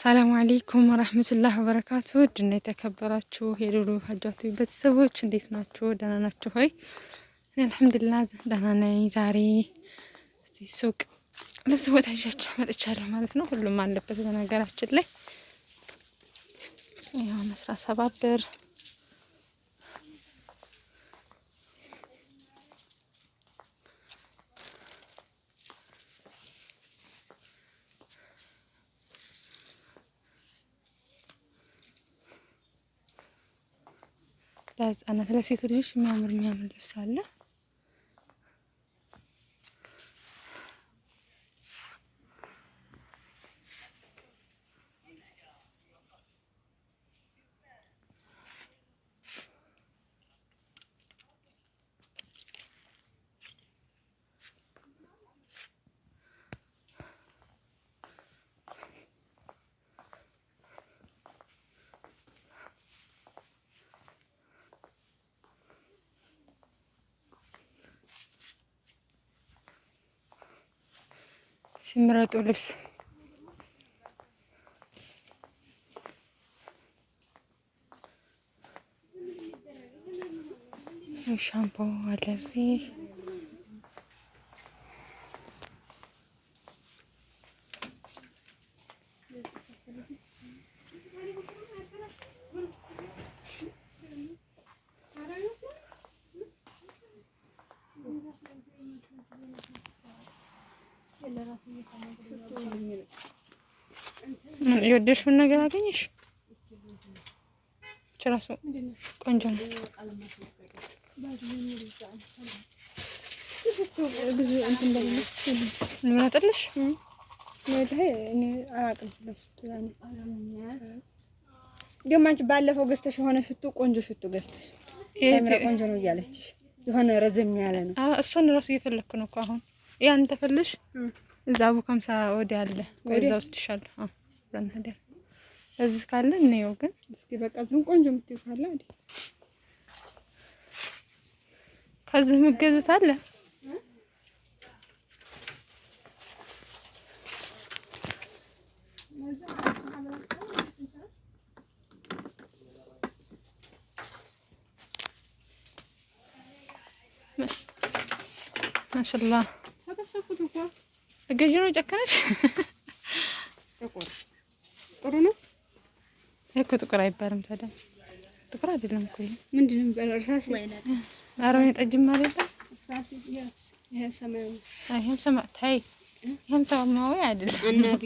ሰላም አሌይኩም ወረህመቱላህ ወበረካቱ ድና የተከበራችሁ የዶሎ ሀጃቱ ቤተሰቦች እንዴት ናችሁ? ደህና ናችሁ ሆይ? እኔ አልሐምዱሊላህ ደህና ነኝ። ዛሬ ሱቅ ልብስ ቦታ ይዣችሁ መጥቻለሁ ማለት ነው። ሁሉም አለበት በነገራችን ላይ ያው መስራ ሰባ ብር ለህፃናት ለሴት ልጆች የሚያምር የሚያምር ልብስ አለ። სიმრატულებს შამპო, ალაზი, የወደድሽውን ነገር አገኘሽ። ራሱ ቆንጆ አንቺ ባለፈው ገዝተሽ የሆነ ሽቱ ቆንጆ ሽቱ ገዝተሽ ቆንጆ ነው እያለችሽ የሆነ ረዘም ያለ ነው። እሱን እራሱ እየፈለግኩ ነው እኮ አሁን ያን ተፈልሽ እዛ ቡከምሳ ወዲያ አለ ወደዛ ውስጥ ይሻለሁ። በማዳም እዚህ ካለ እንየው። ግን እስኪ በቃ ዝም ቆንጆ የምትይው ካለ አይደል ከዚህ አለ። ማሻአላህ ተከሰኩት እኮ ነው ጨከነሽ ጥቁር ጥሩ ነው እኮ ጥቁር አይባልም። ታዲያ ጥቁር አይደለም እኮ ምንድን ነው የሚባለው? እርሳስ ኧረ ወይን ጠጅም አይደለም። ይሄም ሰማያዊ አይደለም። አናቢ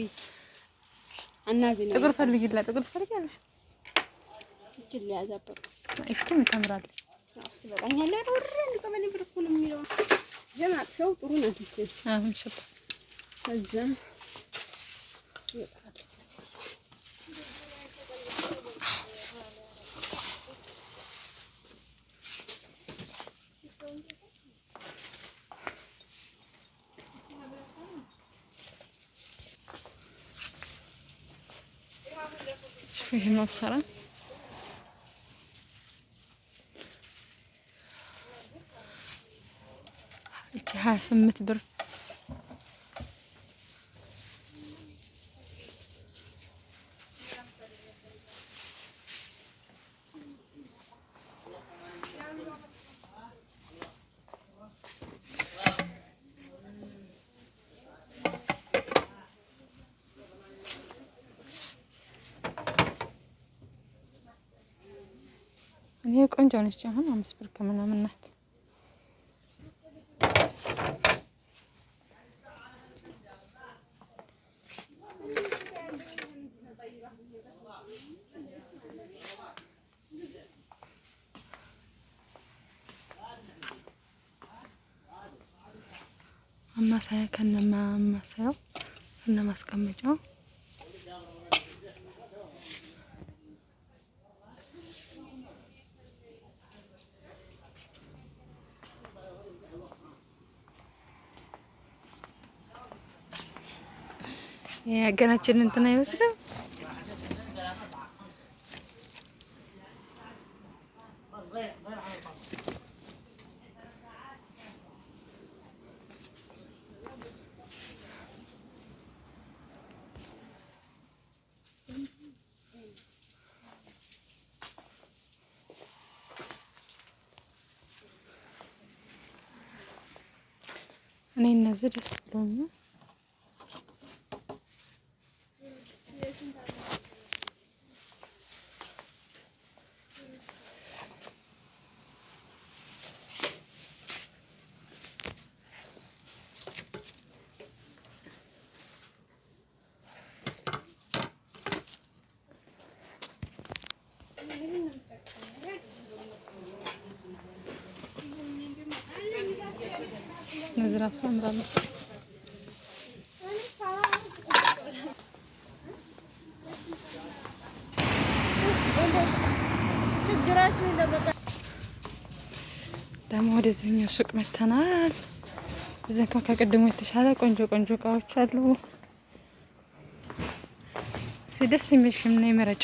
አናቢ ነው። ጥቁር ፈልጊላት። ጥቁር ትፈልጊያለሽ? ይችም ታምራለች። ጥሩ ናት። فيه مبخرة ها سمت برد ይሄ ቆንጆ ነች። አሁን አምስት ብር ከምናምን ናት። አማሳያ ከነማ አማሳያው ከነማስቀመጫው የሀገራችን እንትን አይወስድም። እኔ እነዚህ ደስ ብሎኛል። እነዚህ ራሱ ያምራሉ። ደግሞ ወደዚህኛው ሱቅ መተናል። እዚህ እንኳን ከቅድሞ የተሻለ ቆንጆ ቆንጆ እቃዎች አሉ። ደስ የሚል ሽምና ይመረጭ